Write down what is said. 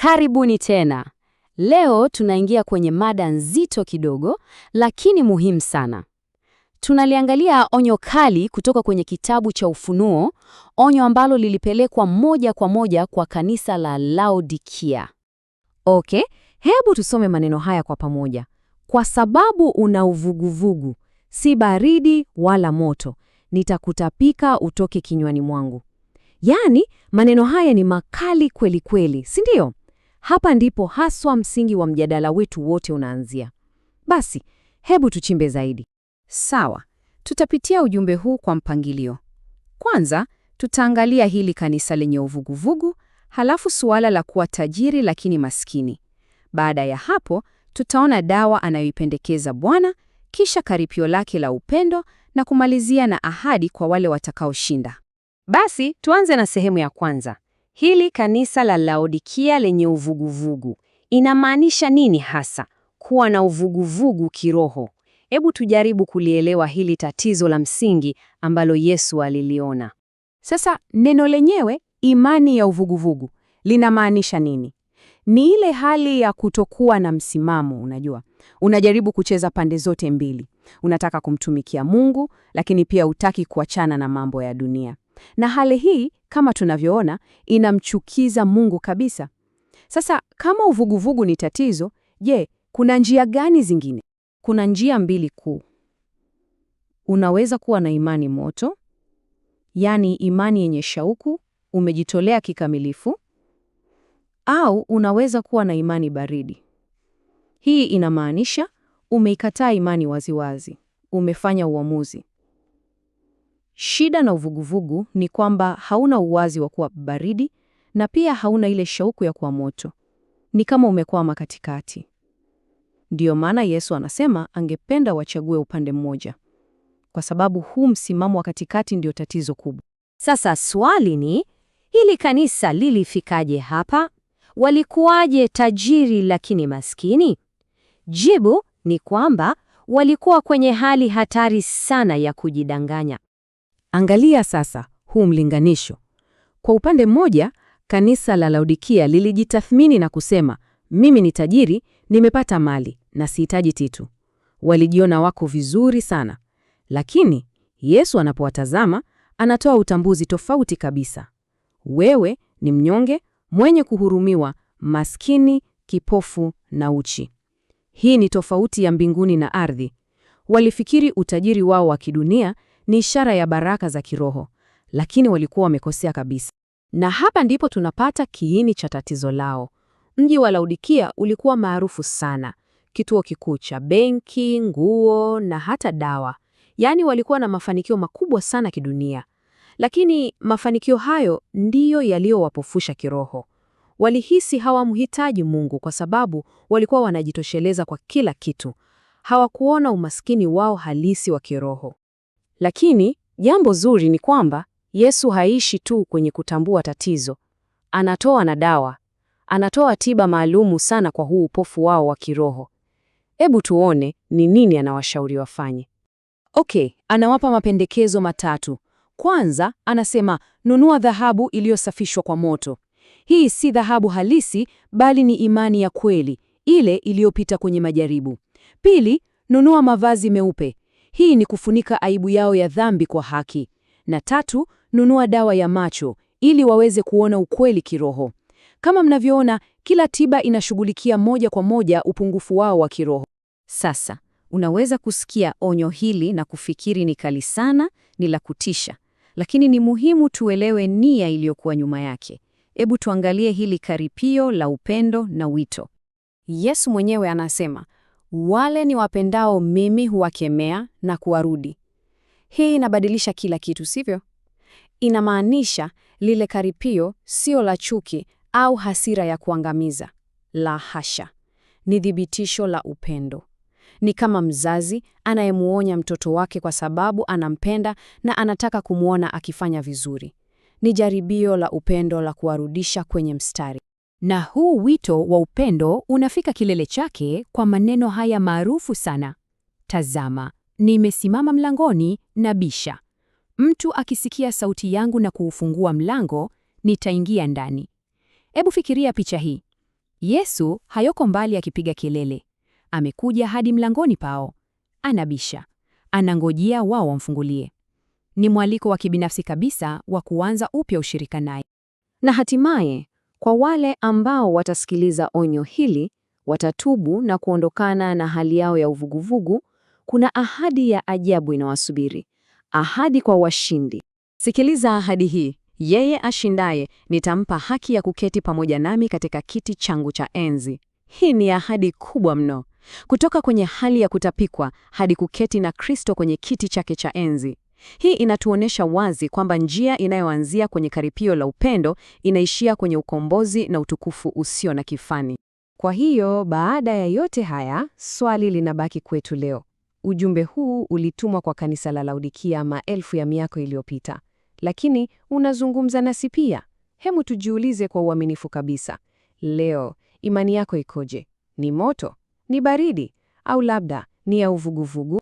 Karibuni tena. Leo tunaingia kwenye mada nzito kidogo, lakini muhimu sana. Tunaliangalia onyo kali kutoka kwenye kitabu cha Ufunuo, onyo ambalo lilipelekwa moja kwa moja kwa kanisa la Laodikia. Okay, hebu tusome maneno haya kwa pamoja. Kwa sababu una uvuguvugu, si baridi wala moto, nitakutapika utoke kinywani mwangu. Yaani, maneno haya ni makali kweli kweli, si ndio? Hapa ndipo haswa msingi wa mjadala wetu wote unaanzia. Basi hebu tuchimbe zaidi. Sawa, tutapitia ujumbe huu kwa mpangilio. Kwanza tutaangalia hili kanisa lenye uvuguvugu, halafu suala la kuwa tajiri lakini maskini. Baada ya hapo, tutaona dawa anayoipendekeza Bwana, kisha karipio lake la upendo na kumalizia na ahadi kwa wale watakaoshinda. Basi tuanze na sehemu ya kwanza. Hili kanisa la Laodikia lenye uvuguvugu inamaanisha nini hasa kuwa na uvuguvugu kiroho? Hebu tujaribu kulielewa hili tatizo la msingi ambalo Yesu aliliona. Sasa neno lenyewe imani ya uvuguvugu linamaanisha nini? Ni ile hali ya kutokuwa na msimamo. Unajua, unajaribu kucheza pande zote mbili. Unataka kumtumikia Mungu, lakini pia utaki kuachana na mambo ya dunia na hali hii kama tunavyoona inamchukiza Mungu kabisa. Sasa kama uvuguvugu ni tatizo, je, kuna njia gani zingine? Kuna njia mbili kuu. Unaweza kuwa na imani moto, yaani imani yenye shauku, umejitolea kikamilifu, au unaweza kuwa na imani baridi. Hii inamaanisha umeikataa imani waziwazi, umefanya uamuzi. Shida na uvuguvugu ni kwamba hauna uwazi wa kuwa baridi na pia hauna ile shauku ya kuwa moto. Ni kama umekwama katikati. Ndiyo maana Yesu anasema angependa wachague upande mmoja, kwa sababu huu msimamo wa katikati ndio tatizo kubwa. Sasa swali ni hili kanisa lilifikaje hapa? Walikuwaje tajiri lakini maskini? Jibu ni kwamba walikuwa kwenye hali hatari sana ya kujidanganya. Angalia sasa huu mlinganisho. Kwa upande mmoja, kanisa la Laodikia lilijitathmini na kusema, mimi ni tajiri, nimepata mali na sihitaji kitu. Walijiona wako vizuri sana, lakini Yesu anapowatazama anatoa utambuzi tofauti kabisa. Wewe ni mnyonge, mwenye kuhurumiwa, maskini, kipofu na uchi. Hii ni tofauti ya mbinguni na ardhi. Walifikiri utajiri wao wa kidunia ni ishara ya baraka za kiroho, lakini walikuwa wamekosea kabisa. Na hapa ndipo tunapata kiini cha tatizo lao. Mji wa Laodikia ulikuwa maarufu sana, kituo kikuu cha benki, nguo na hata dawa. Yaani walikuwa na mafanikio makubwa sana kidunia, lakini mafanikio hayo ndiyo yaliyowapofusha kiroho. Walihisi hawamhitaji Mungu kwa sababu walikuwa wanajitosheleza kwa kila kitu. Hawakuona umaskini wao halisi wa kiroho. Lakini jambo zuri ni kwamba Yesu haishi tu kwenye kutambua tatizo, anatoa na dawa, anatoa tiba maalumu sana kwa huu upofu wao wa kiroho. Hebu tuone ni nini anawashauri wafanye. Okay, anawapa mapendekezo matatu. Kwanza anasema nunua dhahabu iliyosafishwa kwa moto. Hii si dhahabu halisi, bali ni imani ya kweli, ile iliyopita kwenye majaribu. Pili, nunua mavazi meupe, hii ni kufunika aibu yao ya dhambi kwa haki. Na tatu, nunua dawa ya macho ili waweze kuona ukweli kiroho. Kama mnavyoona, kila tiba inashughulikia moja kwa moja upungufu wao wa kiroho. Sasa unaweza kusikia onyo hili na kufikiri ni kali sana, ni la kutisha, lakini ni muhimu tuelewe nia iliyokuwa nyuma yake. Hebu tuangalie hili karipio la upendo na wito. Yesu mwenyewe anasema wale ni wapendao mimi huwakemea na kuwarudi. Hii inabadilisha kila kitu, sivyo? Inamaanisha lile karipio sio la chuki au hasira ya kuangamiza. La hasha, ni thibitisho la upendo. Ni kama mzazi anayemuonya mtoto wake kwa sababu anampenda na anataka kumwona akifanya vizuri. Ni jaribio la upendo la kuwarudisha kwenye mstari. Na huu wito wa upendo unafika kilele chake kwa maneno haya maarufu sana: tazama, nimesimama mlangoni nabisha. Mtu akisikia sauti yangu na kuufungua mlango, nitaingia ndani. Hebu fikiria picha hii. Yesu hayoko mbali akipiga kelele. Amekuja hadi mlangoni pao. Anabisha. Anangojea wao wamfungulie. Ni mwaliko wa kibinafsi kabisa wa kuanza upya ushirika naye. Na hatimaye kwa wale ambao watasikiliza onyo hili, watatubu na kuondokana na hali yao ya uvuguvugu, kuna ahadi ya ajabu inawasubiri. Ahadi kwa washindi. Sikiliza ahadi hii: yeye ashindaye nitampa haki ya kuketi pamoja nami katika kiti changu cha enzi. Hii ni ahadi kubwa mno, kutoka kwenye hali ya kutapikwa hadi kuketi na Kristo kwenye kiti chake cha enzi. Hii inatuonesha wazi kwamba njia inayoanzia kwenye karipio la upendo inaishia kwenye ukombozi na utukufu usio na kifani. Kwa hiyo, baada ya yote haya, swali linabaki kwetu leo. Ujumbe huu ulitumwa kwa kanisa la Laodikia maelfu ya miaka iliyopita, lakini unazungumza nasi pia. Hemu tujiulize kwa uaminifu kabisa. Leo, imani yako ikoje? Ni moto? Ni baridi? Au labda ni ya uvuguvugu?